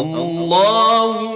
الله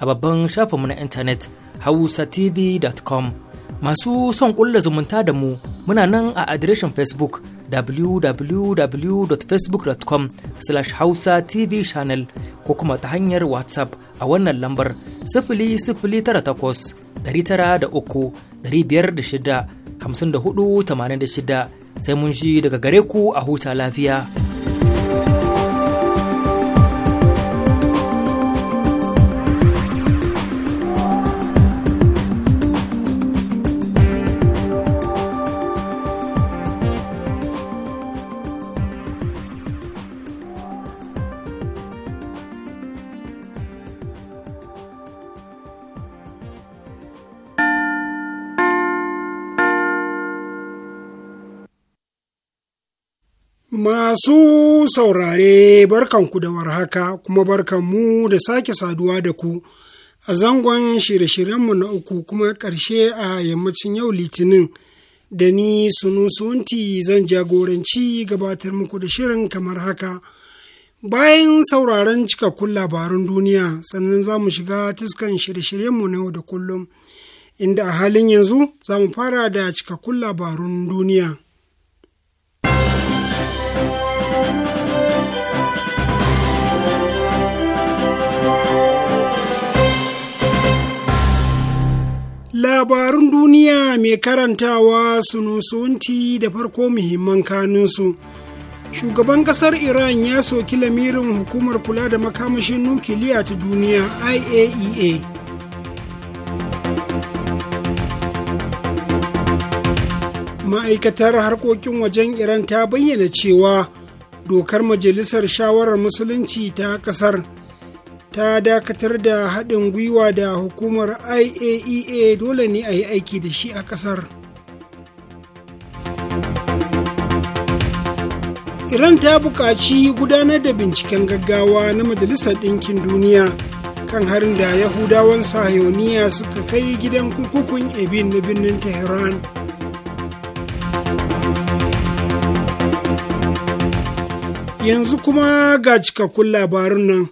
a babban shafinmu na intanet hausatv.com masu son kulla zumunta da mu muna nan a adireshin facebook www.facebook.com slash hausa tv channel ko kuma ta hanyar whatsapp a wannan lambar sifili da takwas tara uku biyar shida hamsin da sai mun ji daga gare ku a huta lafiya. Masu saurare barkanku da warhaka kuma barkanmu da sake saduwa da ku a zangon shirye-shiryenmu na uku kuma ƙarshe a yammacin yau litinin da ni sunti zan jagoranci gabatar muku da shirin kamar haka. Bayan sauraron cikakkun labarun duniya sannan za mu shiga tuskan shirye-shiryenmu na yau da kullum inda a halin yanzu za mu fara da cikakkun labarun duniya. mai karantawa sunusunti da farko muhimman kanunsu shugaban kasar iran ya soki lamirin hukumar kula da makamashin nukiliya ta duniya iaea e ma'aikatar harkokin wajen iran ta bayyana cewa dokar majalisar shawarar musulunci ta kasar ta dakatar da haɗin gwiwa da hukumar iaea e dole ne a yi aiki da shi a ƙasar iran ta buƙaci gudanar da binciken gaggawa na majalisar ɗinkin duniya kan harin da yahudawan sahioniya suka kai gidan kurkukun ebin na birnin tehran yanzu kuma ga cikakkun labarun nan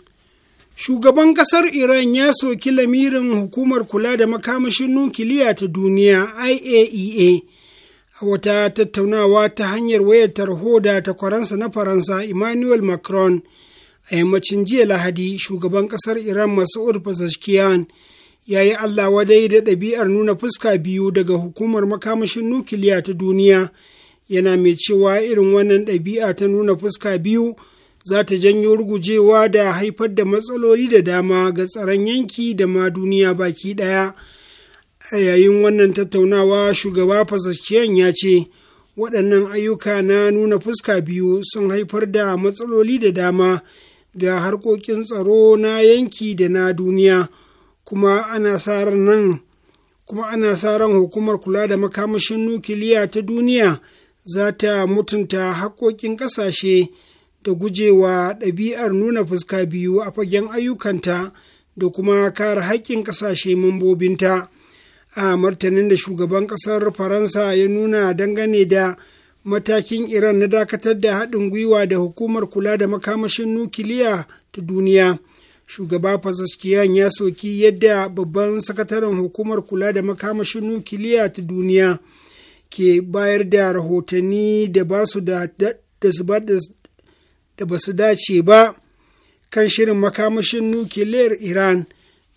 Shugaban ƙasar Iran ya soki lamirin hukumar kula da makamashin nukiliya ta duniya IAEA e a wata tattaunawa ta hanyar wayar tarho da takwaransa na Faransa Emmanuel Macron a yammacin jiya Lahadi shugaban ƙasar Iran Masoud Pezeshkian ya yi Allah wadai da ɗabi'ar nuna fuska biyu daga hukumar makamashin nukiliya ta duniya yana mai cewa irin wannan ɗabi'a ta nuna fuska biyu. za ta janyo rugujewa da haifar da matsaloli da dama ga tsaron yanki da ma duniya baki ɗaya. A yayin wannan tattaunawa shugaba fasashiyan ya ce, waɗannan ayyuka na nuna fuska biyu sun haifar da matsaloli da dama ga harkokin tsaro na yanki da na duniya kuma ana sa nan kuma ana sa ran hukumar kula da makamashin nukiliya ta duniya za ta mutunta haƙoƙin ƙasashe da gujewa ɗabi'ar nuna fuska biyu a fagen ayyukanta da kuma kare haƙƙin ƙasashe mambobinta a martanin da shugaban ƙasar faransa ya nuna dangane da matakin iran na dakatar da haɗin gwiwa da hukumar kula da makamashin nukiliya ta duniya shugaba fasaskiyan ya soki yadda babban sakataren hukumar kula da makamashin nukiliya ta duniya ke bayar da rahotanni da ba su da da ba su dace ba kan shirin makamashin nukiliyar Iran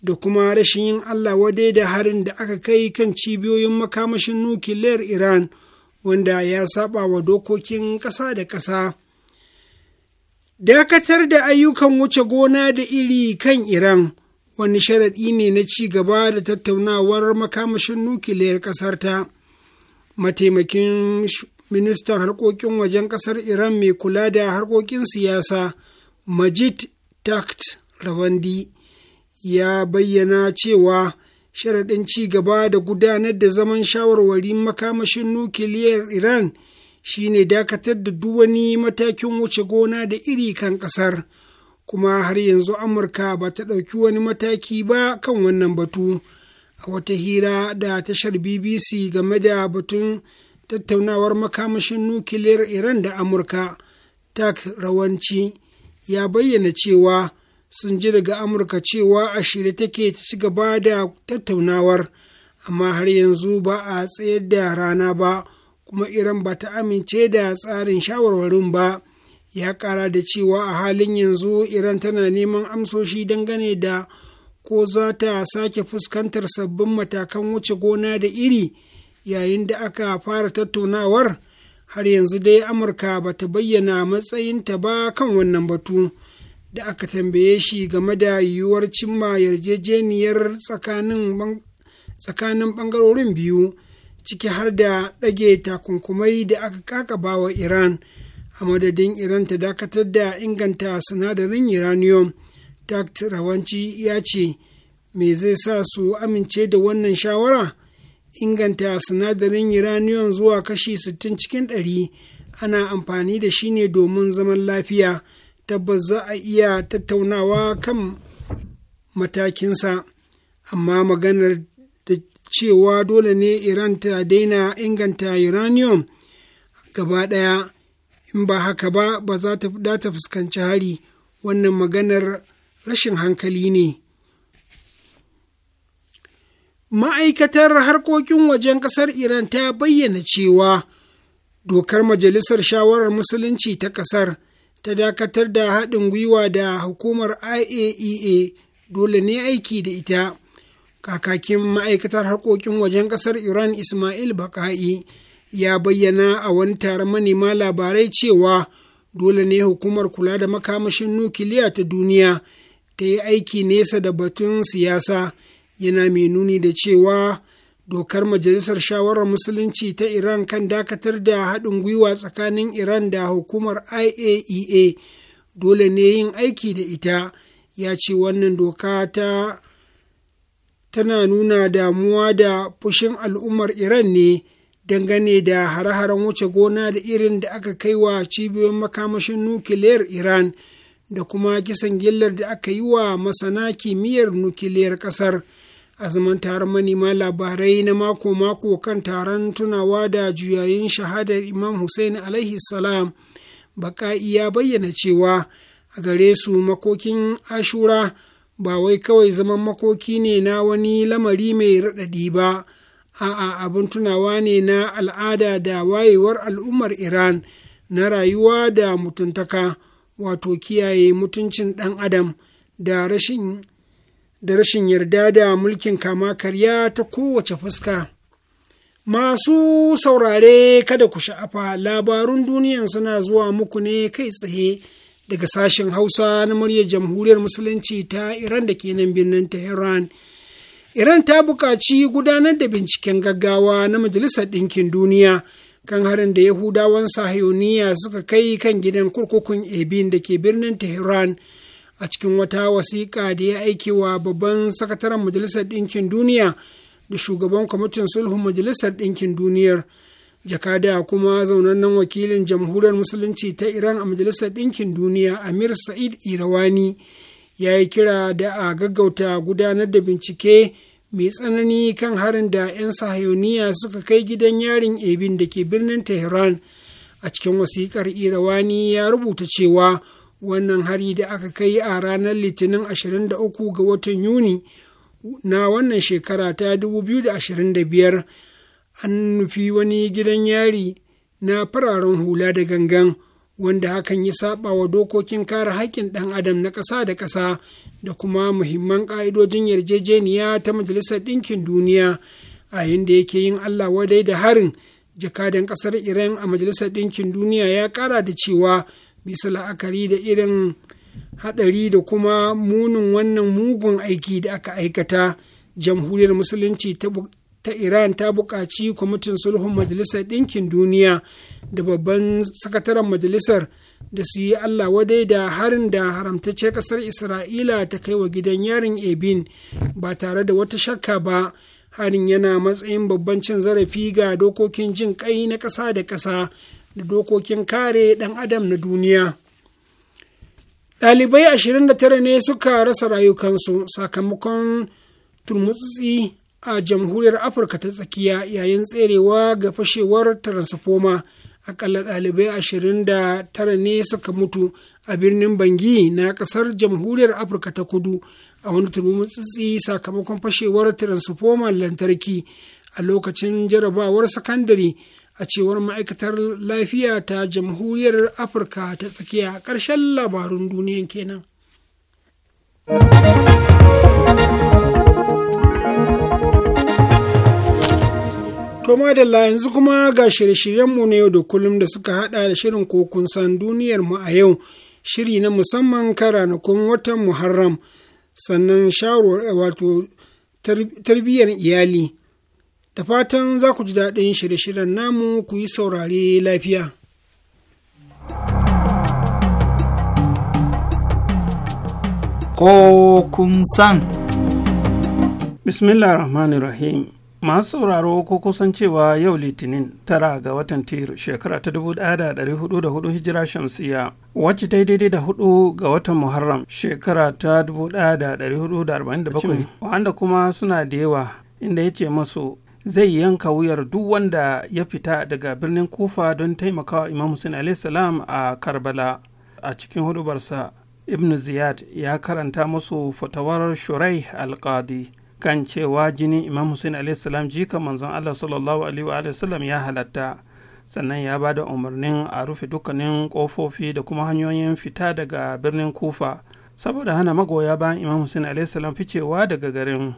da kuma rashin yin Allah wadai da harin da aka kai kan cibiyoyin makamashin nukiliyar Iran wanda ya saba wa dokokin ƙasa da ƙasa. Dakatar da ayyukan wuce gona da iri kan Iran wani sharaɗi ne na ci gaba da tattaunawar makamashin nukiliyar ƙasarta. Mataimakin ministan harkokin wajen Kasar iran mai kula da harkokin siyasa majid takt ravandi ya bayyana cewa sharaɗin ci gaba da gudanar da zaman shawarwarin makamashin nukiliyar iran shine dakatar da duk wani matakin wuce gona da iri kan ƙasar kuma har yanzu amurka ba ta ɗauki wani mataki ba kan wannan batu a wata hira da tashar bbc game da batun tattaunawar makamashin nukiliyar iran da amurka tak rawanci ya bayyana cewa sun ji daga amurka cewa a shirye take ta ci gaba da tattaunawar amma har yanzu ba a tsayar da rana ba kuma iran ba ta amince da tsarin shawarwarin ba ya kara da cewa a halin yanzu iran tana neman amsoshi dangane da ko za ta sake fuskantar sabbin matakan wuce gona da iri yayin da aka fara tattaunawar har yanzu dai amurka ba ta bayyana matsayinta ba kan wannan batu da aka tambaye shi game da yiwuwar cimma yarjejeniyar tsakanin bangarorin biyu ciki har da ɗage takunkumai da aka kakaba wa iran a madadin iran ta dakatar da inganta sinadarin uranium takt rawanci ya ce me zai sa su amince da wannan shawara inganta sinadarin uranium zuwa kashi 60 cikin ɗari ana amfani da shi ne domin zaman lafiya tabbas za a iya tattaunawa kan matakinsa amma maganar da cewa dole ne iran ta daina inganta uranium gaba ɗaya in ba haka ba ba za ta fuskanci hari wannan maganar rashin hankali ne. Ma'aikatar harkokin wajen ƙasar Iran ta bayyana cewa dokar Majalisar Shawarar Musulunci ta ƙasar ta dakatar da haɗin gwiwa da hukumar IAEA e dole ne aiki da ita. Kakakin ma'aikatar harkokin wajen ƙasar Iran Ismail Baka'i ya bayyana a wani taron manema labarai cewa dole ne hukumar kula da makamashin nukiliya ta duniya ta yi aiki nesa da batun siyasa. yana mai nuni da cewa dokar majalisar shawarar musulunci ta iran kan dakatar da haɗin gwiwa tsakanin iran da hukumar iaea e dole ne yin aiki da ita ya ce wannan doka ta tana nuna damuwa da fushin al'ummar iran ne dangane da hare-haren wuce gona da irin da aka kai wa cibiyoyin makamashin nukiliyar iran da kuma kisan gillar da aka yi wa masana kimiyyar nukiliyar ƙasar. kasar azumin taron manema labarai na mako-mako kan taron tunawa da juyayin shahadar imam hussein alaihi salam baka'i ya bayyana cewa a gare su makokin ashura ba wai kawai zaman makoki ne na wani lamari mai raɗaɗi ba a'a abin tunawa ne na al'ada da wayewar al'ummar iran na rayuwa da mutuntaka wato kiyaye mutuncin ɗan adam da rashin da rashin yarda da mulkin kama karya ta kowace fuska. Masu saurare kada ku sha'afa labarun duniyan suna zuwa muku ne kai tsaye daga sashen Hausa na muryar Jamhuriyar Musulunci ta Iran da ke nan birnin Tehran. Iran ta buƙaci gudanar da binciken gaggawa na Majalisar Ɗinkin Duniya kan harin da Yahudawan Sahiyoniya suka kai kan gidan kurkukun Ebin da ke birnin Tehran. a cikin wata wasiƙa da ya aiki wa babban sakataren majalisar ɗinkin duniya da shugaban kwamitin sulhun majalisar ɗinkin duniyar jakada kuma zaunannen wakilin jamhuriyar musulunci ta iran a majalisar ɗinkin duniya amir sa'id irawani ya yi kira da a gaggauta gudanar da bincike mai tsanani kan harin da 'yan sahayoniya suka kai gidan yarin ebin da ke birnin tehran a cikin wasiƙar irawani ya rubuta cewa wannan hari da aka kai a ranar litinin 23 ga watan yuni na wannan shekara ta 2025 an nufi wani gidan yari na fararen hula da gangan wanda hakan ya saba wa dokokin kare haƙƙin ɗan adam na ƙasa da ƙasa da kuma muhimman ƙa'idojin yarjejeniya ta majalisar ɗinkin duniya a yadda yake yin allah wadai da harin jakadan ƙasar iran a majalisar ɗinkin duniya ya ƙara da cewa bisa la'akari da irin haɗari da kuma munin wannan mugun aiki da aka aikata jamhuriyar musulunci ta iran ta buƙaci kwamitin sulhun majalisar ɗinkin duniya da babban sakataren majalisar da su yi allah wadai da harin da haramtacciyar ƙasar isra'ila ta kai wa gidan yarin ebin ba tare da wata shakka ba harin yana matsayin babban cin zarafi ga dokokin jin ƙai na ƙasa da ƙasa da dokokin kare ɗan adam na duniya ɗalibai 29 ne suka rasa rayukansu sakamakon turmutsi a jamhuriyar afirka ta tsakiya yayin tserewa ga fashewar transfoma akalla ɗalibai 29 ne suka mutu a birnin bangi na ƙasar jamhuriyar afirka ta kudu a wani turmutsi sakamakon fashewar transfoma lantarki a lokacin jarabawar sakandare a cewar ma'aikatar lafiya ta jamhuriyar afirka ta tsakiya karshen labarun duniyan kenan To da yanzu kuma ga shirye-shiryenmu na yau da kullum da suka hada da shirin kokun san mu a yau, shiri na musamman kan ranakun watan Muharram, sannan shawarwar wato tarbiyyar iyali, da fatan za ku ji daɗin shirye-shiryen namu ku yi saurare lafiya. Ko kun san. Bismillah Rahmanir Rahim. Masu sauraro ko kusan cewa yau Litinin tara ga watan Tir shekara ta dubu ɗaya da ɗari hudu da hudu hijira shamsiya wacce ta daidai da hudu ga watan Muharram shekara ta dubu ɗaya da ɗari hudu da arba'in da bakwai wa'anda kuma suna da yawa inda ya ce masu zai yanka wuyar duk wanda ya fita daga birnin kufa don taimakawa imam hussein salam a karbala a cikin hudubarsa ibn ziyad ya karanta musu fatawar shurai alkadi kan cewa jinin imam hussein salam jika manzon allah sallallahu alaihi ya halatta sannan ya ba da umarnin a rufe dukkanin kofofi da kuma hanyoyin fita daga birnin kufa saboda hana magoya bayan imam hussein salam ficewa daga garin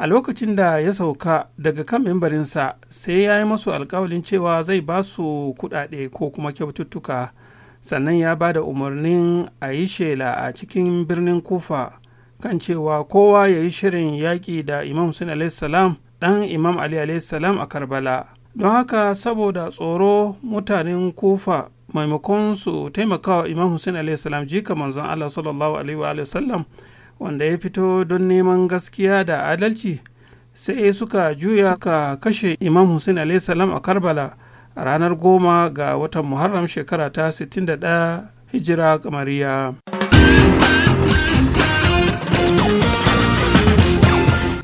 a lokacin da ya sauka daga kan mimbarinsa sai ya yi masu alkawalin cewa zai ba su kudade ko kuma kyaututtuka sannan ya ba da umarnin a yi shela a cikin birnin kufa kan cewa kowa ya yi shirin yaƙi da imam Hussein salam ɗan imam ali salam a karbala don haka saboda tsoro mutanen kufa maimakon su taimakawa imam Hussein salam jika manzon allah sallallahu alaihi wa sallam wanda ya fito don neman gaskiya da adalci sai suka juya ka kashe imam hussein salam a karbala a ranar goma ga watan muharram shekara ta 61 hijira kamariya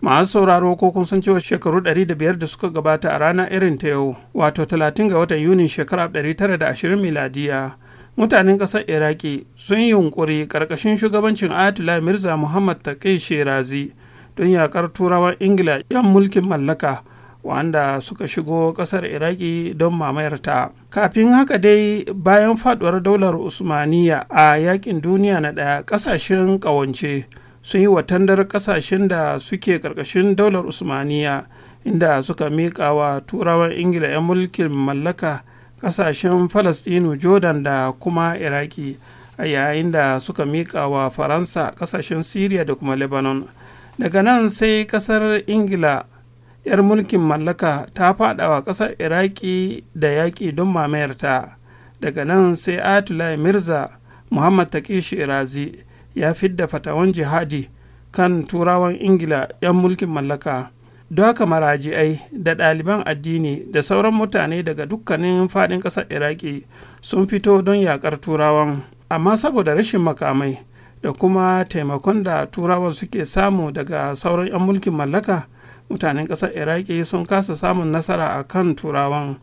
masu sauraro ko kun san cewa shekaru 500 da suka gabata a rana irin ta yau wato 30 ga watan yunin shekara 920 miladiya mutanen ƙasar iraki sun yi yunƙuri ƙarƙashin shugabancin ayatollah mirza muhammad taqi shirazi don yaƙar turawan ingila 'yan mulkin mallaka wanda suka shigo ƙasar iraki don mamayarta kafin haka dai bayan faduwar daular usmaniya a yakin duniya na ɗaya ƙasashen ƙawance sun yi watandar ƙasashen da suke ƙarƙashin daular usmaniya inda suka miƙa wa turawan ingila 'yan mulkin mallaka kasashen falastinu jordan da kuma iraki a yayin da suka miƙa wa faransa kasashen syria da kuma lebanon daga nan sai kasar ingila 'yar mulkin mallaka ta faɗawa kasar iraki da yaƙi don mamayarta daga nan sai atulai mirza muhammad taƙi shirazi ya fidda fatawan jihadi kan turawan ingila 'yan mulkin mallaka don haka marajiai da ɗaliban addini da sauran mutane daga dukkanin faɗin ƙasar iraki sun fito don yaƙar turawan amma saboda rashin makamai da kuma taimakon da turawan suke samu daga sauran 'yan mulkin mallaka mutanen ƙasar iraki sun kasa samun nasara a kan turawan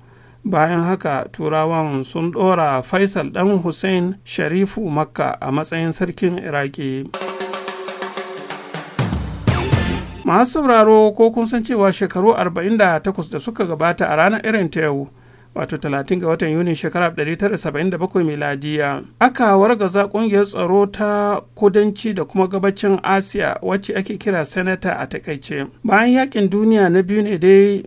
bayan haka turawan sun ɗora faisal ɗan hussein sharifu makka a matsayin sarkin iraki. masu sauraro ko kun san cewa shekaru 48 da suka gabata a ranar irin ta yau wato 30 ga watan yuni shekara 1977 miladiya aka wargaza kungiyar tsaro ta kudanci da kuma gabacin asiya wacce ake kira senata a takaice bayan yakin duniya na biyu ne dai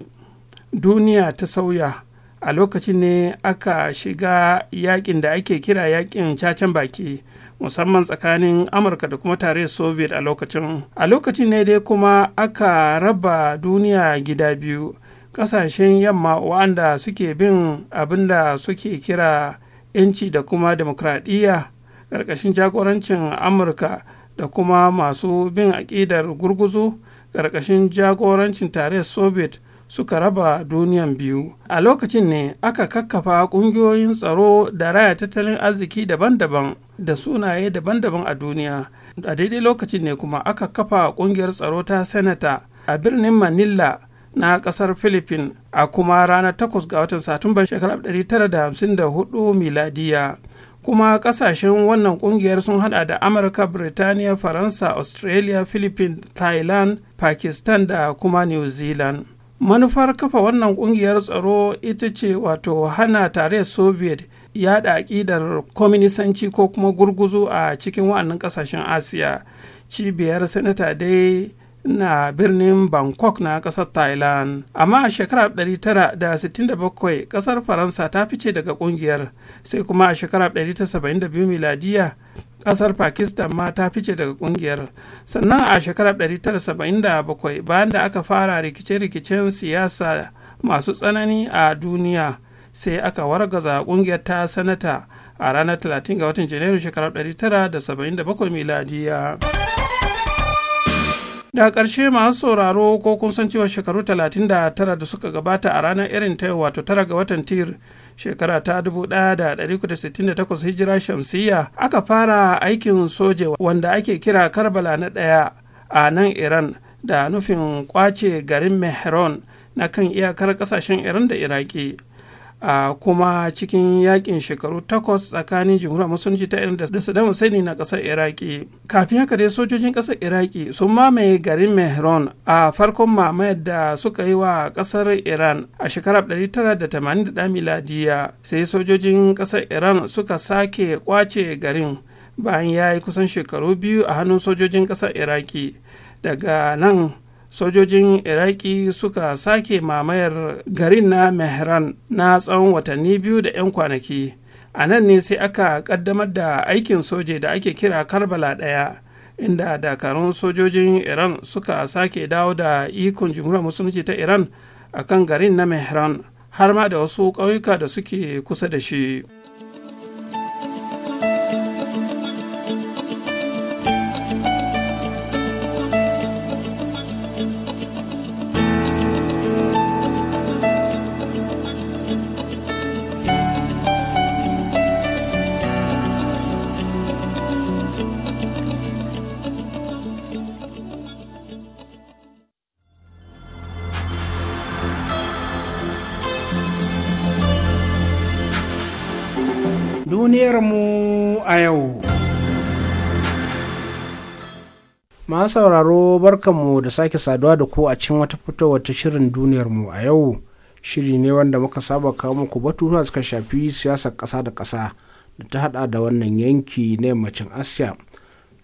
duniya ta sauya a lokacin ne aka shiga yakin da ake kira yakin cacen baki musamman tsakanin amurka da kuma tare soviet a lokacin a lokacin ne dai kuma aka raba duniya gida biyu kasashen yamma wa'anda suke bin abin da suke kira 'yanci da kuma demokradiyya ƙarƙashin jagorancin amurka da kuma masu bin aƙidar gurguzu ƙarƙashin jagorancin tare soviet suka raba duniyan biyu a lokacin ne aka kakkafa ƙungiyoyin tsaro da raya tattalin arziki daban-daban da sunaye daban-daban a duniya a daidai lokacin ne kuma aka kafa ƙungiyar tsaro ta senata a birnin manila na ƙasar Filipin, a kuma ranar 8 ga watan satumbar shekarar 1954 miladiya kuma kasashen wannan kungiyar sun hada da amurka birtaniya faransa australia philippines thailand pakistan da kuma new zealand manufar kafa wannan kungiyar tsaro ita ce wato hana tare soviet yada aƙidar kwaminisanci ko kuma gurguzu a cikin wa'annan ƙasashen asiya cibiyar sanata dai na birnin bangkok na kasar thailand amma a shekarar 1967 kasar faransa ta fice daga kungiyar sai kuma a shekarar 1972 miladiya kasar pakistan ma ta fice daga kungiyar sannan a shekarar 1977 bayan da aka fara rikice-rikicen siyasa masu tsanani a duniya sai aka wargaza kungiyar ta sanata a ranar 30 ga watan janairu shekarar 1977 miladiya. da ƙarshe masu sauraro ko kun san cewa shekaru 39 da suka gabata a ranar irin ta wato tara ga watan tir shekara ta 1168 hijira shamsiyya aka fara aikin soje wanda ake kira karbala na ɗaya a nan iran da nufin kwace garin mehron na kan iyakar ƙasashen iran da iraki a kuma cikin yakin shekaru takwas tsakanin jimhuriyar musulunci ta irin da saddam hussein na kasar iraki kafin haka dai sojojin kasar iraki sun mamaye garin mehron a farkon mamayar da suka yi wa kasar iran a shekarar 1980 miladiya sai sojojin kasar iran suka sake kwace garin bayan ya yi kusan shekaru biyu a hannun sojojin kasar iraki daga nan sojojin iraki suka sake mamayar garin na mehran na tsawon watanni biyu da 'yan kwanaki a nan ne sai aka kaddamar da aikin soje da ake kira karbala ɗaya inda dakarun sojojin iran suka sake dawo da ikon jimhuriyar musulunci ta iran akan garin na mehran har ma da wasu ƙauyuka da suke kusa da shi. yau. Masu sauraro barkanmu da sake saduwa da ku a cikin wata fitowar ta shirin duniyar mu a yau. Shiri ne wanda muka saba kawo muku batutuwa suka shafi siyasar ƙasa da ƙasa da ta hada da wannan yanki na yammacin Asiya.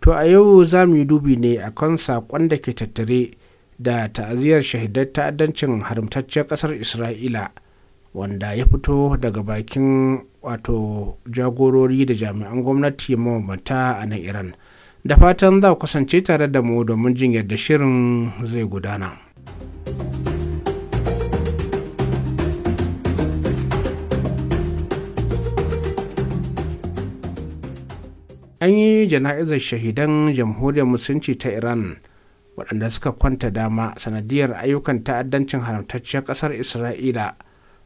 To a yau za mu yi dubi ne a kan saƙon da ke tattare da ta'aziyar shahidar ta'addancin haramtacciyar ƙasar Isra'ila wanda ya fito daga bakin wato jagorori da jami'an gwamnati mabambanta a nan iran da fatan za kusance tare da mu domin jin yadda shirin zai gudana an yi jana'izar shahidan jamhuriyar musulunci ta iran waɗanda suka kwanta dama sanadiyar ayyukan ta'addancin haramtacciyar ƙasar isra'ila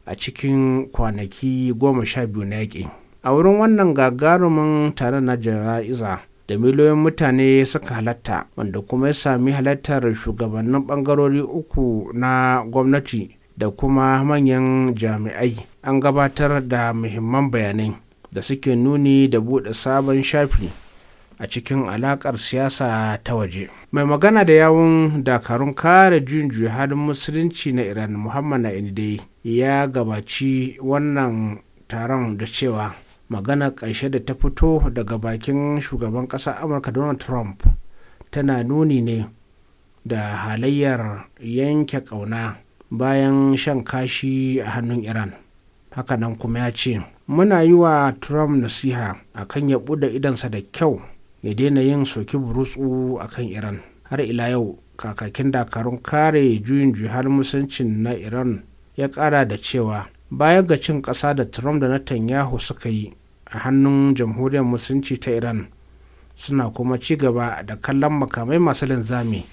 a cikin kwanaki goma sha biyu na yaƙi a wurin wannan gagarumin tare na jana'iza da miliyoyin mutane suka halatta wanda kuma ya sami halattar shugabannin bangarori uku na gwamnati da kuma manyan jami'ai an gabatar da muhimman bayanai da suke nuni da buɗe sabon shafi a cikin alakar siyasa ta waje mai magana da yawun dakarun kare juyin halin musulunci na iran muhammad na'inde ya gabaci wannan taron da cewa magana ƙarshe da ta fito daga bakin shugaban ƙasa amurka donald trump tana nuni ne da halayyar yanke ƙauna bayan shan kashi a hannun iran hakanan kuma ya ce muna yi wa trump nasiha akan ya buɗe idansa da kyau ya daina yin soki burutsu a kan iran har ila yau kakakin dakarun kare juyin juhar musancin na iran ya kara da cewa bayan ga cin kasa da trump da na netanyahu suka yi a hannun jamhuriyar musulunci ta iran suna kuma ci gaba da kallon makamai masu linzami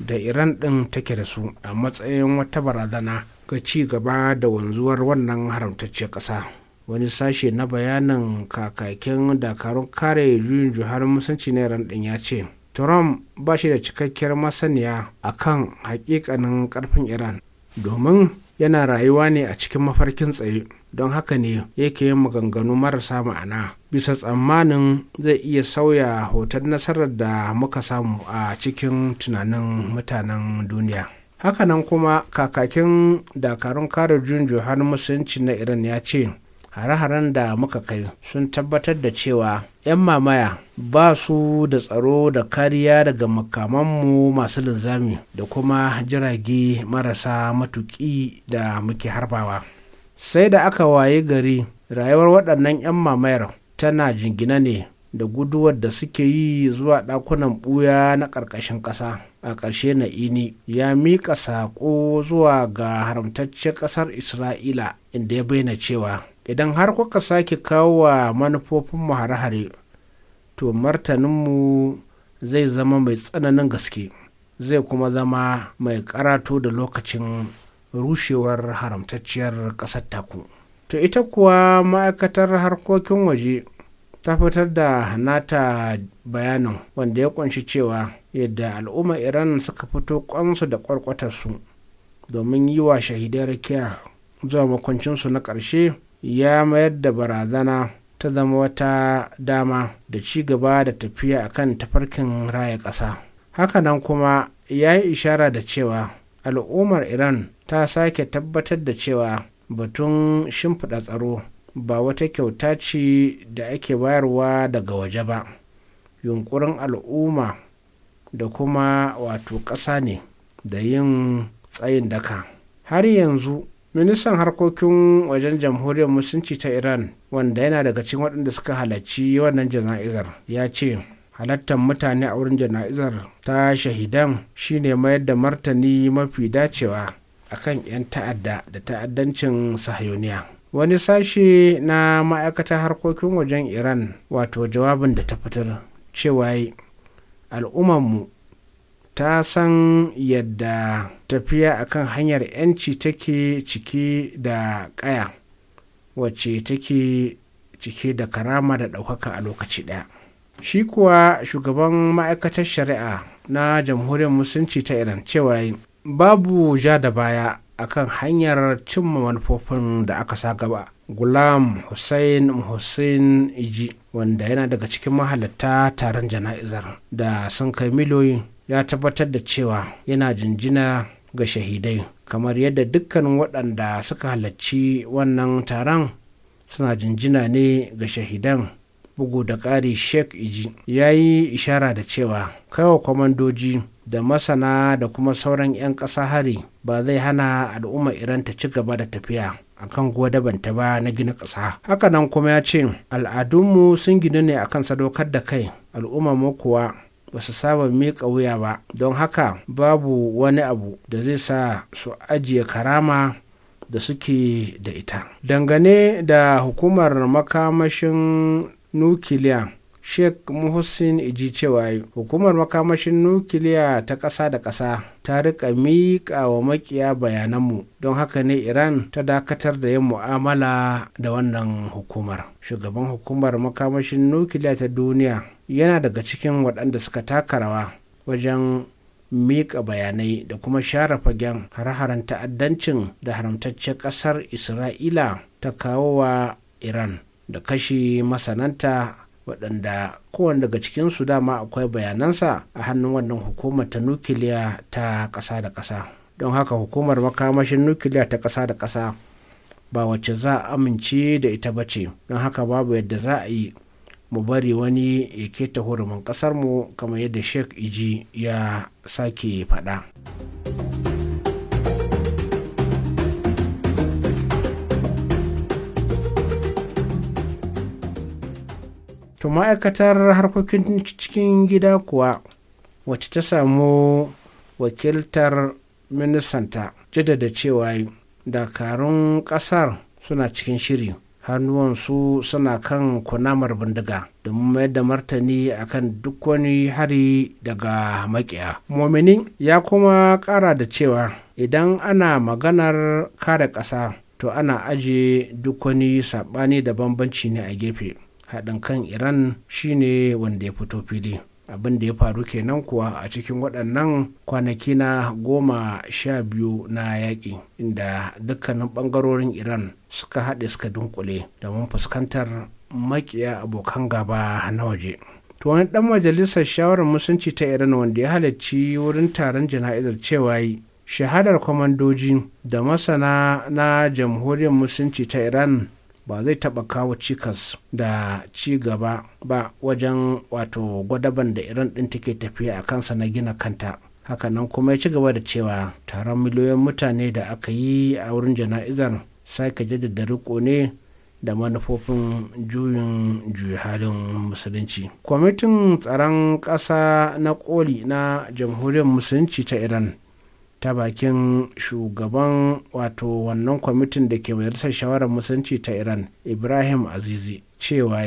da iran din take da su a matsayin wata barazana ga ci gaba da wanzuwar wannan haramtacciyar ƙasa. wani sashe na bayanin kakakin dakarun kare juyin juharin musanci na iran din ya ce trump ba shi da cikakkiyar masaniya a kan hakikanin karfin iran domin yana rayuwa ne a cikin mafarkin tsaye don haka ne yake yin maganganu marasa ma'ana bisa tsammanin zai iya sauya hoton nasarar da muka samu a cikin tunanin mutanen duniya hakanan kuma kakakin dakarun kare juyin juharin musulunci na iran ya ce hare-haren da muka kai sun tabbatar da cewa 'yan mamaya ba su da tsaro da kariya daga makamanmu masu linzami da kuma jirage marasa matuƙi da muke harbawa sai da aka waye gari rayuwar waɗannan 'yan mamayar tana jingina ne da guduwar da suke yi zuwa ɗakunan ɓuya na ƙarƙashin ƙasa a ƙarshe na ini ya miƙa saƙo zuwa ga haramtaccen ƙasar isra'ila inda ya bayyana cewa idan har kuka sake kawo wa manufofinmu hare-hare to martaninmu zai zama mai tsananin gaske zai kuma zama mai karato da lokacin rushewar haramtacciyar ƙasar taku to ita kuwa ma'aikatar harkokin waje ta fitar da nata bayanin wanda ya kunshi cewa yadda al'ummar iran suka fito kwansu da kwarkwatarsu domin yi wa shahidai rakiya zuwa makwancinsu na ƙarshe ya mayar da barazana ta zama wata dama da ci gaba da tafiya a kan tafarkin raya ƙasa hakanan kuma ya yi ishara da cewa al'ummar iran ta sake tabbatar da cewa batun shimfiɗa tsaro ba wata kyauta ce da ake bayarwa daga waje ba yunkurin al'umma da kuma wato ƙasa ne da yin tsayin daka har yanzu ministan harkokin wajen jamhuriyar musulunci ta iran wanda yana daga cikin waɗanda suka halarci wannan jana'izar ya ce halattar mutane a wurin jana'izar ta shahidan shine mayar da martani mafi dacewa a kan 'yan ta'adda da ta'addancin sahayoniya wani sashe na ma'aikatar harkokin wajen iran wato jawabin da ta fitar cewa al'ummanmu ta san yadda tafiya akan hanyar 'yanci take cike da ƙaya wacce take cike da karama da ɗaukaka a lokaci ɗaya shi kuwa shugaban ma'aikatar shari'a na jamhuriyar musulunci ta iran cewa babu ja da baya akan hanyar cimma manufofin da aka sa gaba gulam hussein hussein iji wanda yana daga cikin mahalatta taron jana'izar da sun kai miliyoyin ya tabbatar da cewa yana jinjina ga shahidai kamar yadda dukkan waɗanda suka halarci wannan taron suna jinjina ne ga shahidan bugu da ƙari sheikh iji ya yi ishara da cewa kaiwa kwamandoji da masana da kuma sauran 'yan ƙasa hari ba zai hana al'umma iran ta ci gaba da tafiya a kan gwadabanta ba na gina ƙasa hakanan kuma ya ce al'adunmu sun ginu ne akan sadaukar da kai al'umma mu kuwa ba su saba miƙa wuya ba don haka babu wani abu da zai sa su ajiye karama da suke da ita dangane da hukumar makamashin nukiliya sheikh muhussin iji cewa hukumar makamashin nukiliya ta ƙasa da ƙasa ta riƙa miƙa wa makiya bayananmu don haka ne iran ta dakatar da yin mu'amala da wannan hukumar shugaban hukumar makamashin nukiliya ta duniya yana daga cikin waɗanda suka taka rawa wajen miƙa bayanai da kuma share fagen har-haren ta'addancin da haramtaccen ƙasar isra'ila ta kawo wa iran da kashi masananta waɗanda kowane daga cikinsu dama akwai bayanansa a hannun wannan hukumar ta nukiliya ta ƙasa da ƙasa don haka hukumar makamashin nukiliya ta ƙasa da ƙasa ba wacce za a amince da ita ba ce don haka babu yadda za a yi mu bari wani ya keta hurumin mu kamar yadda shek iji ya sake faɗa. to ma'aikatar harkokin cikin gida kuwa wacce ta samu wakiltar ministanta jaddada cewa dakarun kasar suna cikin shiri hannuwansu suna kan kunamar bindiga domin mayar da martani kan duk wani hari daga makiya. mominin ya kuma ƙara da cewa idan ana maganar kare ƙasa to ana aje duk wani saɓani da bambanci ne a gefe haɗin kan iran shine wanda ya fito fili. abin da ya faru kenan kuwa a cikin waɗannan kwanaki na goma sha biyu na yaƙi inda dukkanin ɓangarorin iran suka haɗe suka dunkule domin fuskantar makiya abokan gaba na waje to wani ɗan majalisar shawarar musunci ta iran wanda ya halarci wurin taron jana'izar cewa shahadar kwamandoji da masana na jamhuriyar musulunci ta iran ba zai taɓa kawo cikas da ci gaba ba wajen wato gwadaban da iran ɗin take tafiya a kansa na gina kanta hakanan kuma ya ci gaba da cewa taron miliyoyin mutane da aka yi a wurin jana'izar sake jaddada riko ne da manufofin juyin juyi halin musulunci kwamitin tsaron ƙasa na koli na jamhuriyar musulunci ta iran ta bakin shugaban wato wannan kwamitin da ke majalisar shawarar musanci ta iran ibrahim azizi cewa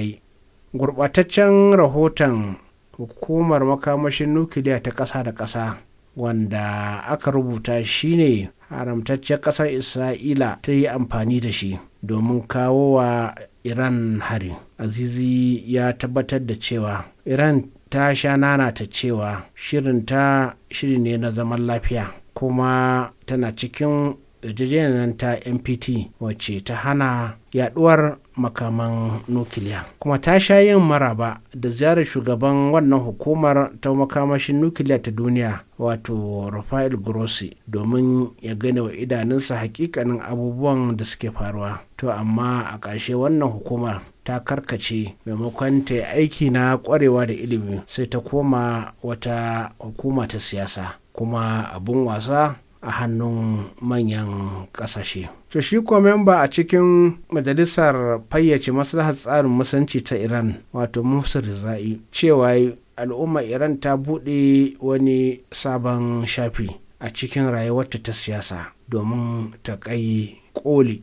gurbataccen rahoton hukumar makamashin nukiliya ta ƙasa da ƙasa wanda aka rubuta shine haramtaccen ƙasar isra'ila ta yi amfani da shi domin kawo wa iran hari azizi ya tabbatar da cewa iran ta sha nana ta cewa shirin ta shiri ne na zaman lafiya kuma tana cikin yarjejeniyar ta npt wacce ta hana yaduwar makaman nukiliya kuma ta sha yin maraba da ziyarar shugaban wannan hukumar ta makamashin nukiliya ta duniya wato rafael grossi domin ya gane wa idanunsa hakikanin abubuwan da suke faruwa to amma a ƙarshe wannan hukumar ta karkace maimakon ta yi aiki na ƙwarewa da ilimi sai ta koma wata hukuma ta siyasa kuma abun wasa a hannun manyan kasashe. To shi kuwa memba a cikin majalisar fayyace maslahar tsarin musanci ta Iran wato Musa Rizai cewa al'umma Iran ta buɗe wani sabon shafi a cikin rayuwarta ta siyasa domin ta kai koli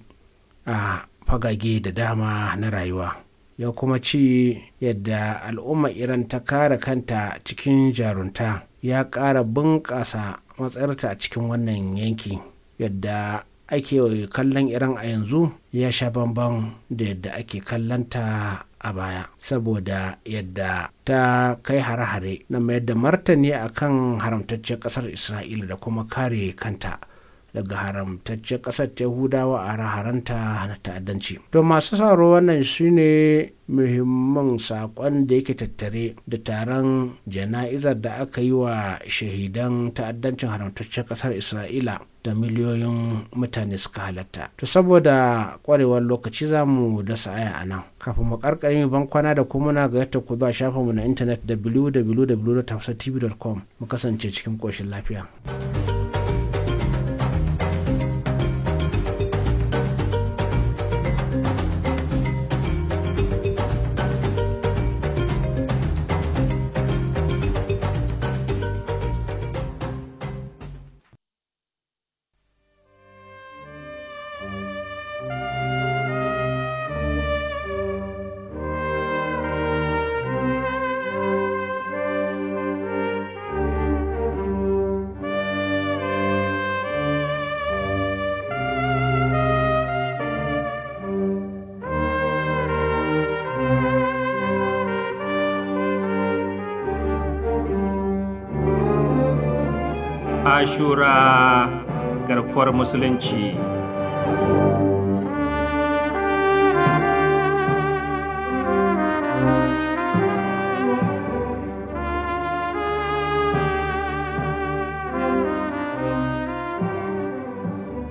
a fagage da dama na rayuwa. Ya kuma ci yadda al'umma Iran ta kare kanta cikin jarunta. ya ƙara bunƙasa matsayarta a cikin wannan yanki yadda ake kallon iran a yanzu ya sha bamban da yadda ake kallonta a baya saboda yadda ta kai hare-hare na mayar da martani akan haramtaccen ƙasar isra'ila da kuma kare kanta daga haramtaccen ƙasar yahudawa a raharanta na ta'addanci to masu sauro wannan ne muhimman saƙon da yake tattare da taron jana'izar da aka yi wa shahidan ta'addancin haramtaccen ƙasar isra'ila da miliyoyin mutane suka halatta to saboda ƙwarewar lokaci za mu dasa aya a nan kafin mu karkare bankwana da kuma na ga yadda ku zuwa shafinmu na intanet www.tafsatv.com mu kasance cikin ƙoshin lafiya. ashura garkuwar musulunci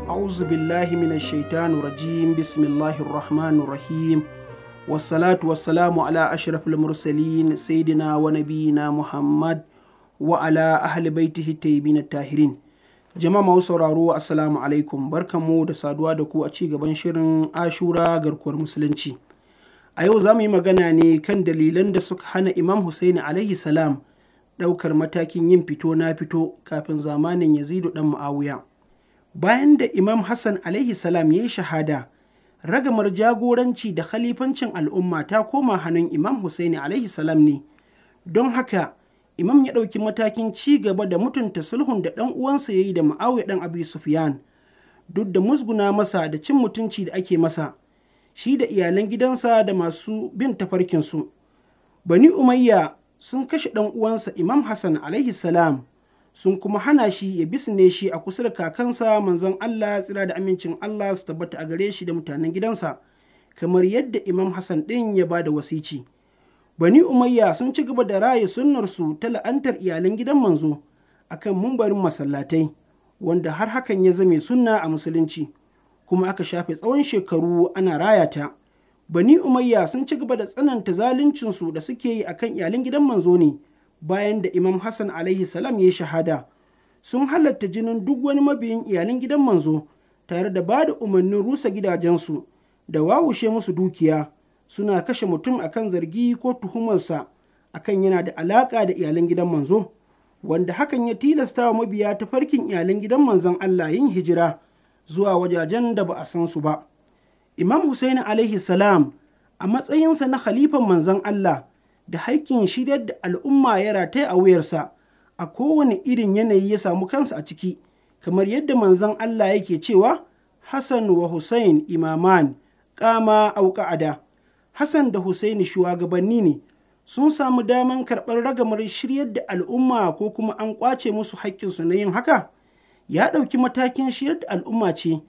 أعوذ بالله من الشيطان الرجيم بسم الله الرحمن الرحيم والصلاة والسلام على أشرف المرسلين سيدنا ونبينا محمد wa ala ahli baitihi tayyibin tahirin jama'a masu sauraro assalamu alaikum barkamu da saduwa da ku a ci gaban shirin ashura garkuwar musulunci a yau za mu yi magana ne kan dalilan da suka hana imam husaini alaihi salam ɗaukar matakin yin fito na fito kafin zamanin yazidu ɗan mu'awiya bayan da imam hassan alaihi salam ya yi shahada ragamar jagoranci da khalifancin al'umma ta koma hannun imam husaini alaihi salam ne don haka imam ya ɗauki matakin ci gaba da mutunta sulhun da ɗan uwansa ya yi da ma'auya ɗan abu sufiyan duk da musguna masa da cin mutunci da ake masa shi da iyalan gidansa da masu bin tafarkinsu bani umayya sun kashe ɗan uwansa imam hassan alaihi salam sun kuma hana shi ya ne shi a kusa da kakansa manzon allah tsira da amincin allah su tabbata a gare shi da mutanen gidansa kamar yadda imam hassan ɗin ya ba da wasici bani umayya sun ci gaba da raye sunnarsu ta la'antar iyalan gidan manzo akan mumbarin masallatai wanda har hakan ya zame sunna a musulunci kuma aka shafe tsawon shekaru ana rayata. bani umayya sun ci gaba da tsananta zaluncinsu da suke yi akan iyalan gidan manzo ne bayan da imam hassan alaihi salam ya shahada sun halatta jinin duk wani mabiyin iyalan gidan manzo tare da ba da umarnin rusa gidajensu da wawushe musu dukiya suna kashe mutum akan zargi ko tuhumarsa akan yana da alaƙa da iyalan gidan manzo wanda hakan ya tilasta wa mabiya ta farkin iyalan gidan manzon Allah yin hijira zuwa wajajen da ba a san su ba Imam Hussaini alaihi salam a matsayinsa na khalifan manzon Allah da haikin shiryar da al'umma ya rataye a wuyarsa a kowane irin yanayi ya samu kansa a ciki kamar yadda manzon Allah yake cewa Hassan wa Hussein imaman kama auka'ada. Hassan da Husaini shugabanni ne sun samu daman karɓar ragamar shiryar da al'umma ko kuma an ƙwace musu haƙƙinsu na yin haka? Ya ɗauki matakin shiryar da al'umma ce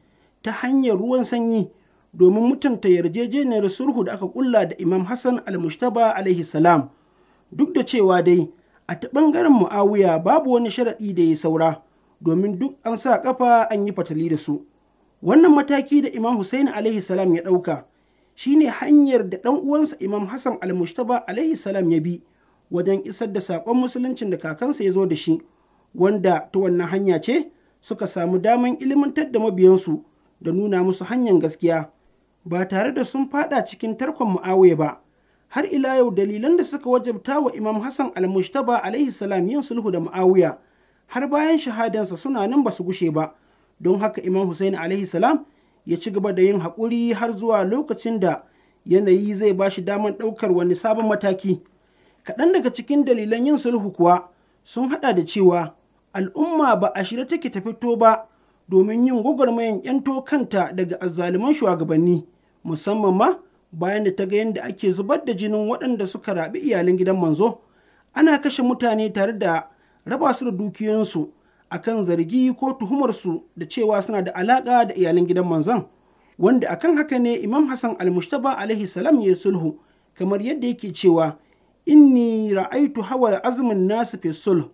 ta hanyar ruwan sanyi domin mutunta yarjejeniyar sulhu da aka ƙulla da Imam Hassan al-Mushtaba alaihi salam. Duk da cewa dai a ta ɓangaren Muawiya babu wani sharaɗi da ya saura domin duk an sa ƙafa an yi fatali da su. Wannan mataki da Imam Husaini alaihi salam ya ɗauka. shine hanyar da ɗan uwansa imam hassan almustaba alaihi salam ya bi wajen isar da saƙon musuluncin da kakansa ya zo da shi wanda ta wannan hanya ce suka samu daman ilimantar da mabiyansu da nuna musu hanyar gaskiya ba tare da sun fada cikin tarkon mu'awiya ba har ila yau dalilan da suka wajabta wa imam hassan almustaba alaihi salam yin sulhu da mu'awiya har bayan shahadansa suna nan ba su gushe ba don haka imam husaini alaihi salam ya ci gaba da yin haƙuri har zuwa lokacin da yanayi zai ba shi damar ɗaukar wani sabon mataki. Kaɗan daga cikin dalilan yin sulhu kuwa sun haɗa da cewa al'umma ba a shirya take ta fito ba domin yin gwagwarmayan 'yanto kanta daga azzaluman shugabanni, musamman ma bayan da ta ga yadda ake zubar da jinin waɗanda suka raɓi iyalin gidan manzo. Ana kashe mutane tare da raba su da dukiyansu. akan zargi ko tuhumarsu da cewa suna da alaƙa da iyalan gidan manzon wanda akan haka ne imam hassan almustaba alaihi salam ya sulhu kamar yadda yake cewa inni ra'aitu hawar azumin nasu fi sulh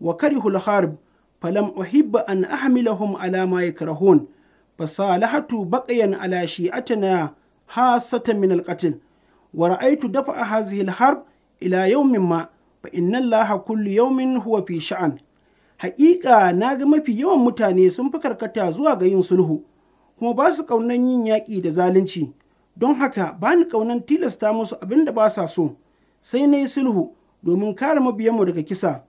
wa karihul harb falam uhibba an ahmilahum ala ma yakrahun fasalahatu baqiyan ala shi'atina sata min alqatl wa ra'aitu dafa hadhihi alharb ila yawmin ma fa inna allaha kullu yawmin huwa fi sha'an Haƙiƙa na ga mafi yawan mutane sun fi karkata zuwa ga yin sulhu, kuma ba su ƙaunan yin yaƙi da zalunci, don haka ba ni ƙaunan tilasta musu abin da ba sa so, sai na yi sulhu domin kare mabiyanmu daga kisa,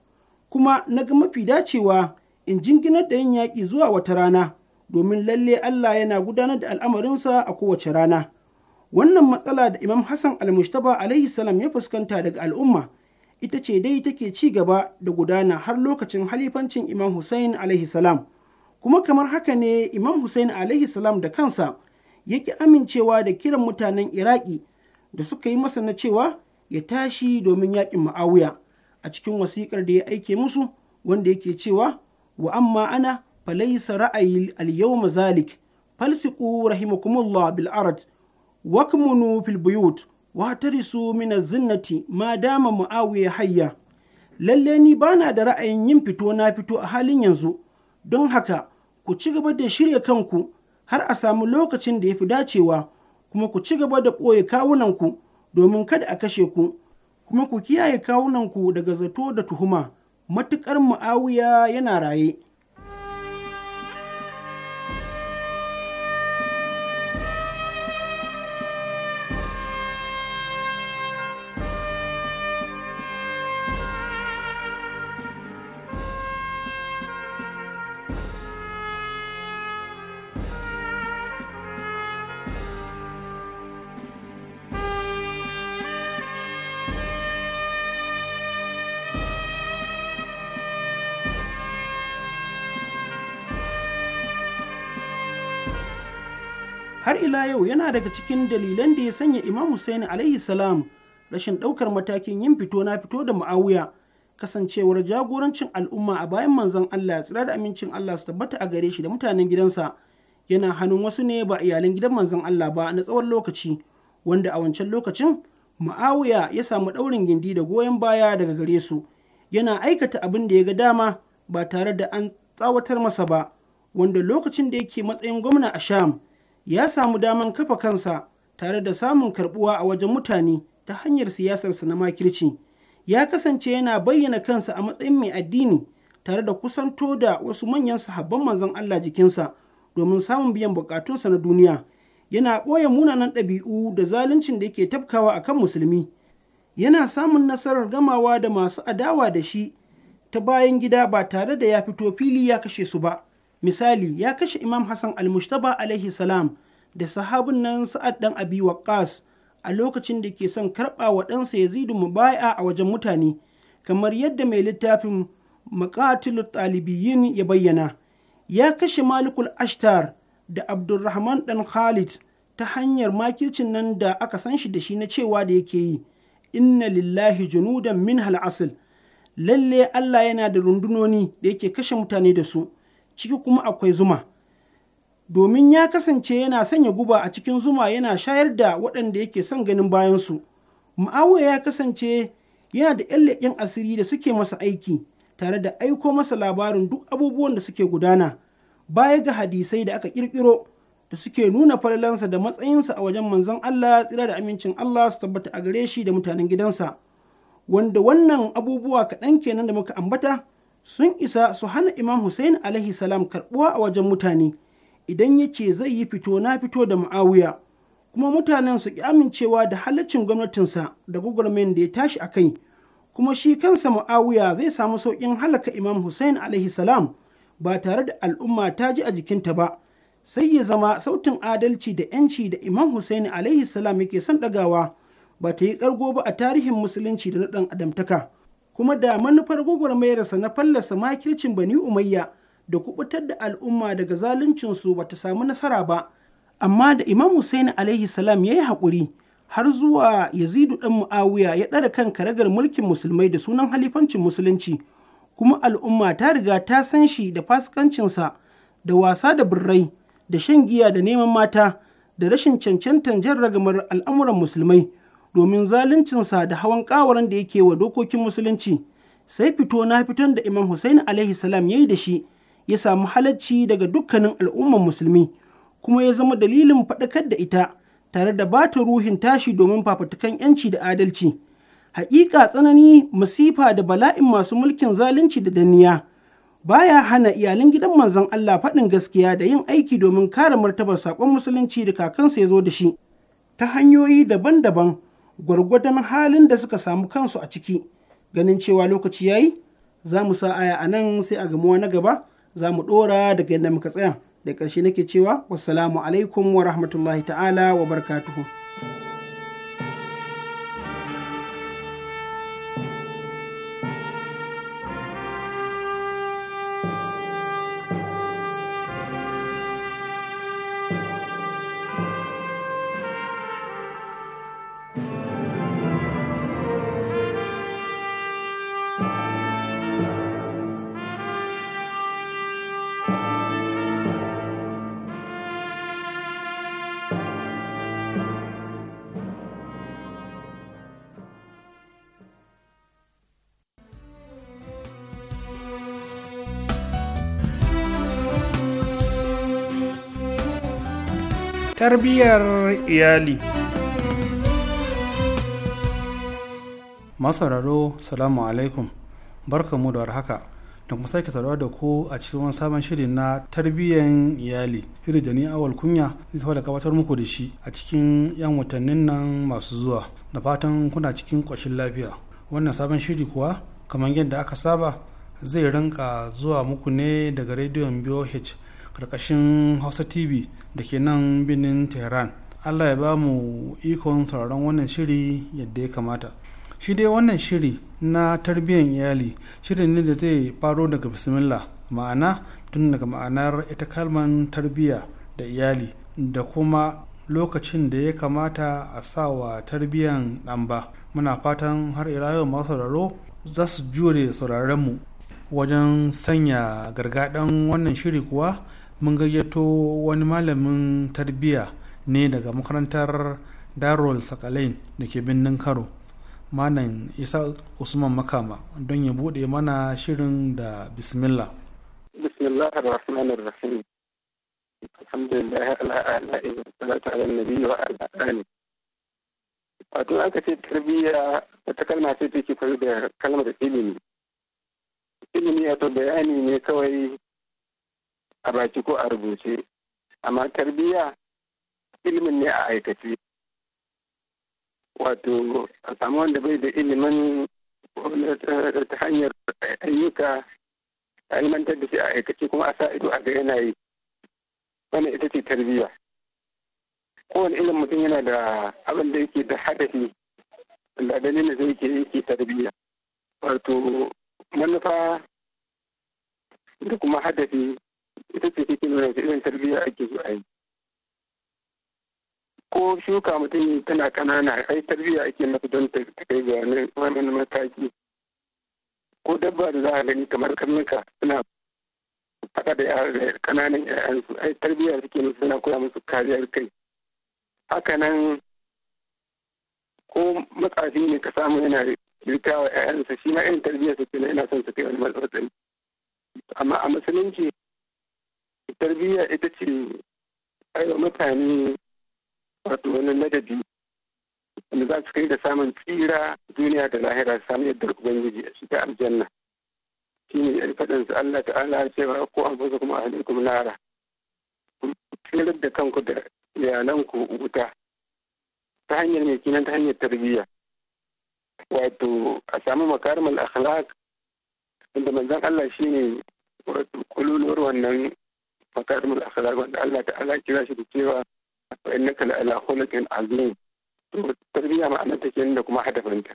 kuma na ga mafi dacewa in jinginar da yin yaƙi zuwa wata rana, domin lalle Allah yana gudanar da al'amarinsa a kowace rana. Wannan matsala da Imam Hassan al-Mustaba alaihi salam ya fuskanta daga al'umma ita ce dai take ci gaba da gudana har lokacin halifancin Imam Hussein alaihi salam. Kuma kamar haka ne Imam Hussein alaihi salam da kansa ya amincewa da kiran mutanen Iraki da suka yi masa na cewa ya tashi domin yaƙin ma'awuya a cikin wasiƙar da ya aike musu wanda yake cewa wa amma ana falaisa ra'ayi al-yawma mazalik rahimakumullah bil arad wakmunu fil buyut watarisu mina zinnati ma dama mu'awiya hayya lalle ni bana da ra'ayin yin fito na fito a halin yanzu don haka ku ci gaba da shirya kanku har a samu lokacin da ya fi dacewa kuma ku ci gaba da ɓoye kawunanku domin kada a kashe ku kuma ku kiyaye kawunanku daga zato da tuhuma matuƙar mu'awiya yana raye ila yau yana daga cikin dalilan da ya sanya Imam Hussein alayhi salam rashin ɗaukar matakin yin fito na fito da ma'awuya kasancewar jagorancin al'umma a bayan manzon Allah tsira da amincin Allah su tabbata a gare shi da mutanen gidansa yana hannun wasu ne ba iyalan gidan manzon Allah ba na tsawon lokaci wanda a wancan lokacin ma'awuya ya samu ɗaurin gindi da goyon baya daga gare su yana aikata abin da ya ga dama ba tare da an tsawatar masa ba wanda lokacin da yake matsayin gwamna a Sham ya samu daman kafa kansa tare da samun karbuwa a wajen mutane ta hanyar siyasarsa na makirci ya kasance yana bayyana kansa a matsayin mai addini tare da kusanto da wasu manyan sahabban manzan Allah jikinsa domin samun biyan bukatunsa na duniya yana ɓoye munanan ɗabi'u da zaluncin da yake tafkawa a kan musulmi yana samun nasarar gamawa da masu adawa da shi ta bayan gida ba tare da ya fito fili ya kashe su ba misali ya kashe imam hassan almushtaba alaihi salam da sahabin nan sa'ad dan abi waqas a lokacin da ke son karɓa wa ɗansa yazidu baya a wajen mutane kamar yadda mai littafin maqatil talibiyin ya bayyana ya kashe malikul ashtar da abdulrahman dan khalid ta hanyar makircin nan da aka san shi da shi na cewa da yake yi inna lillahi junudan min hal lalle Allah yana da rundunoni da yake kashe mutane da su ciki kuma akwai zuma domin ya kasance yana sanya guba a cikin zuma yana shayar da waɗanda yake son ganin bayansu ma'awiya ya kasance yana da ‘yan leƙen asiri da suke masa aiki tare da aiko masa labarin duk abubuwan da suke gudana baya ga hadisai da aka ƙirƙiro da suke nuna falalansa da matsayinsa a wajen manzon Allah tsira da amincin Allah su tabbata a gare shi da mutanen gidansa wanda wannan abubuwa kaɗan kenan da muka ambata sun isa su hana imam Hussein alaihi salam karɓuwa a wajen mutane idan yake zai yi fito na fito da mu'awiya kuma mutanen su ki amincewa da halaccin gwamnatinsa da gwagwarmayin da ya tashi a kai kuma shi kansa mu'awiya zai samu sauƙin halaka imam Hussein alaihi salam ba tare da al'umma ta ji a jikinta ba sai ya zama sautin adalci da yanci da imam Hussein alaihi salam yake son ɗagawa ba ta yi ƙargo ba a tarihin musulunci da na ɗan adamtaka. kuma da manufar gwagwarmayarsa na fallasa makircin bani umayya da kubutar da al'umma daga zaluncinsu ba ta samu nasara ba amma da imam Hussein alaihi salam ya yi haƙuri har zuwa yazidu ɗan mu'awiya ya ɗara kan karagar mulkin musulmai da sunan halifancin musulunci kuma al'umma ta riga ta san shi da fasikancinsa da wasa da birrai da shan giya da neman mata da rashin cancantan jan ragamar al'amuran musulmai domin zaluncinsa da hawan ƙawaran da yake wa dokokin musulunci sai fito na fitan da imam Hussein alaihi salam ya yi da shi ya samu halacci daga dukkanin al'umman musulmi kuma ya zama dalilin faɗakar da ita tare da ba ta ruhin tashi domin fafatukan yanci da adalci haƙiƙa tsanani masifa da bala'in masu mulkin zalunci da danniya baya hana iyalin gidan manzon Allah faɗin gaskiya da yin aiki domin kare martabar sakon musulunci da kakansa ya zo da shi ta hanyoyi daban-daban gwargwadon halin da suka samu kansu a ciki ganin cewa lokaci ya yi za mu sa aya a nan sai a gamuwa na gaba za mu ɗora daga yadda muka tsaya da ƙarshe nake cewa wassalamu alaikum wa rahmatullahi ta'ala wa barkatuhu. tarbiyyar iyali masararo salamu alaikum barkamu da warhaka da kuma sake saurara da ku a cikin wani sabon shirin na tarbiyyar iyali shiri da ni awal kunya zai saba da gabatar muku da shi a cikin yan watannin nan masu zuwa da fatan kuna cikin ƙoshin lafiya wannan sabon shiri kuwa kamar yadda aka saba zai rinka zuwa muku ne daga rediyon boh karkashin hausa tv da ke nan birnin tehran allah ya ba mu ikon sauraron wannan shiri yadda ya kamata shi dai wannan shiri na tarbiyyar iyali shiri ne da zai faro daga bismillah ma'ana tun daga ma'anar ita kalman tarbiyya da iyali da kuma lokacin da ya kamata a sawa tarbiyyar ɗan ba muna fatan har ila yau masu sauraro za su jure sauraronmu wajen sanya gargaɗin wannan shiri kuwa mun gayyato wani malamin tarbiyya ne daga makarantar darul sakalain da ke birnin karo manan isa usman makama don ya bude mana shirin da bismillah bismillah ar-rahman ar-rahim alhamdulillah ala ala salatu ala nabi wa ala ali wato aka ce tarbiyya wata kalma ce take koyi da kalmar ilimi ilimi wato bayani ne kawai a baki ko a rubuce amma tarbiyya ilimin ne a aikace wato a samu wanda bai da ilimin ta hanyar ayyuka a ilmantar da shi a aikace kuma a sa ido a ga yanayi yi wannan ita ce tarbiyya kowane ilimin mutum yana da abin da yake da hadafi da ganin da zai ke yake tarbiyya wato manufa da kuma hadafi ita ce take nuna ta irin tarbiyya ake so a yi ko shuka mutum tana kanana ai tarbiyya ake masa don ta kai ga wannan mataki ko dabba da za a gani kamar karnuka suna haka da kananan yayansu ai tarbiyya suke musu suna koya musu kariyar kai haka nan ko matsafi ne ka samu yana rikawa yayansa shi ma irin tarbiyya suke na yana son su kai wani matsatsali amma a musulunci tarbiyya ita ce wa mutane wato wani madadi wanda za su kai da samun tsira duniya da lahira su samu yadda ubangiji a shiga aljanna shi ne yan faɗin su Allah ta'ala cewa ko an fasa kuma kuma nara tsirar da kanku da iyalanku wuta ta hanyar mai kinan ta hanyar tarbiyya wato a samu makarmal akhlaq wanda manzan Allah shi ne wato kululuwar wannan a akhlaq wanda Allah ta'ala kira shi da cewa innaka la ala azim to tarbiyya ma'anar take da kuma hadafinta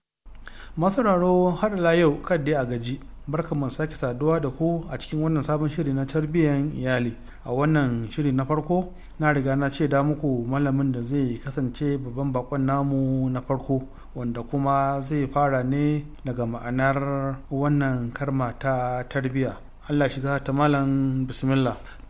masararo har la yau kad dai a gaji barka mu sake saduwa da ku a cikin wannan sabon shiri na tarbiyyan iyali a wannan shiri na farko na riga na ce da muku malamin da zai kasance babban bakon namu na farko wanda kuma zai fara ne daga ma'anar wannan karma ta tarbiyya Allah shiga ta malam bismillah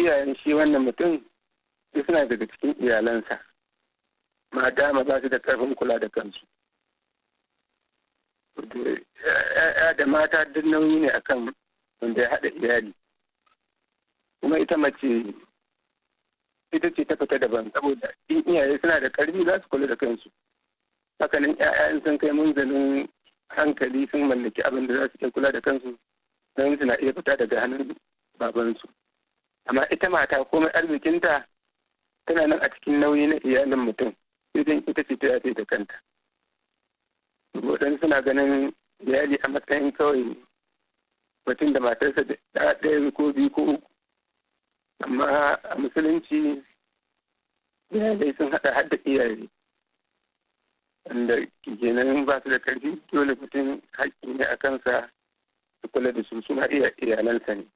iyayen shi wannan mutum suna daga cikin iyalansa mata ba su da karfin kula da kansu ya da mata duk nauyi ne akan wanda ya haɗa iyali kuma ita mace ita ce ta fita daban saboda in iyaye suna da ƙarfi za su kula da kansu hakanan ƴaƴan sun kai munzalin hankali sun mallaki abin da za su iya kula da kansu don suna iya fita daga hannun babansu amma ita mata komai arzikinta tana nan a cikin nauyi na iyalin mutum idan ita ce ta da kanta waɗansu suna ganin iyali a matsayin kawai mutum da matarsa da ɗaya ko biyu ko uku amma a musulunci iyalai sun haɗa hadda iyali wanda kenan ba su da ƙarfi dole mutum haƙƙi ne a kansa su kula da su suna iya iyalansa ne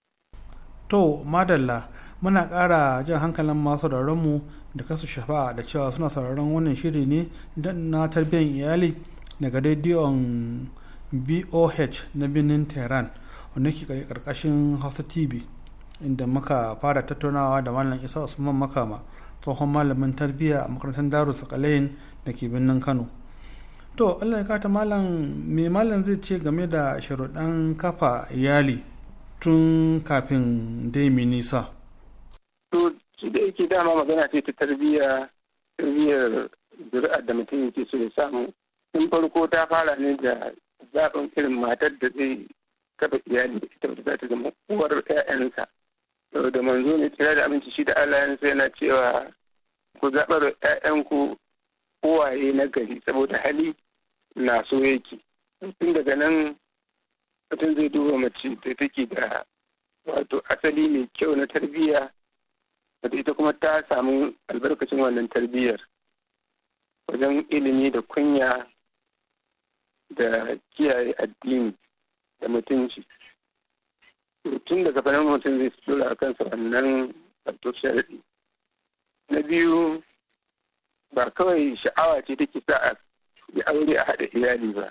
to madalla muna ƙara jan hankalin masu mu da kasu shafa'a da cewa suna sauraron wannan shiri ne na tarbiyyar iyali daga rediyon boh na birnin tehran wanda ke karkashin hausa tv inda muka fara tattaunawa da malam isa usman makama tsohon malamin tarbiyya a makarantar darus kalayin da ke birnin kano to allah ya kata malam me malam zai ce game da sharuɗan kafa iyali tun kafin dai mi nisa to shi da yake dama magana ce ta tarbiyya tarbiyyar zuri'a da mutum yake so ya samu in farko ta fara ne da zaɓin irin matar da zai kafa iyali da ita za ta zama uwar 'ya'yansa da manzo ne kira da aminci shi da Allah yansa yana cewa ku zaɓar 'ya'yanku uwaye na gari saboda hali na so yake tun daga nan mutum zai duba mace da take da wato asali mai kyau na tarbiyya wata ita kuma ta samu albarkacin wannan tarbiyyar wajen ilimi da kunya da kiyaye addini da mutunci tun daga fanar mutum zai tura a kansa wannan wato sharaɗi na biyu ba kawai sha'awa ce take sa a yi aure a haɗa iyali ba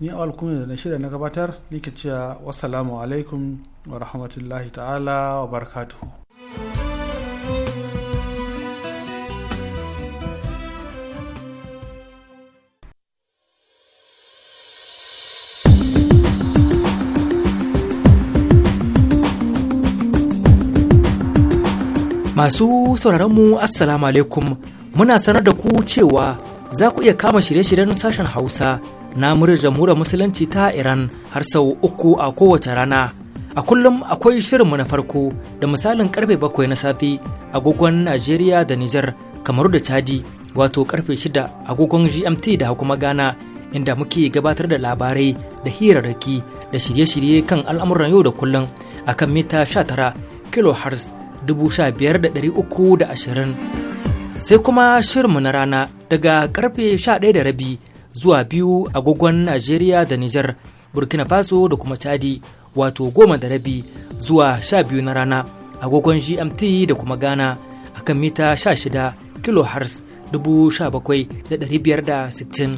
ni awal kuma da na shirya na gabatar nike cewa wassalamu alaikum wa rahmatullahi ta'ala wa barakatuhu Masu sauraronmu Assalamu alaikum muna sanar da ku cewa za ku iya kama shirye-shiryen sashen Hausa na murar jamhuriyar Musulunci ta Iran har sau uku a kowace rana. A kullum akwai shirinmu na farko da misalin karfe bakwai na safe agogon Najeriya da Nijar kamar da Chadi wato karfe shida agogon GMT da kuma Ghana inda muke gabatar da labarai da hirarraki da shirye-shirye kan al'amuran yau da kullum a kan mita sha 19 da 15,320 sai kuma shirinmu na rana daga karfe 11:30 zuwa biyu agogon Najeriya da Nijar, Burkina Faso da kuma Chadi wato goma da rabi zuwa sha na rana agogon GMT da kuma Ghana a kan mita 16 kilohertz 17,560.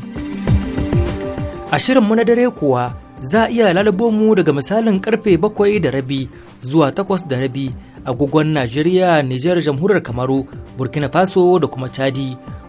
A shirin na dare kuwa za a iya lalabo mu daga misalin karfe bakwai da rabi zuwa takwas da rabi agogon Najeriya, Nijar, Jamhuriyar Kamaru, Burkina Faso da kuma Chadi.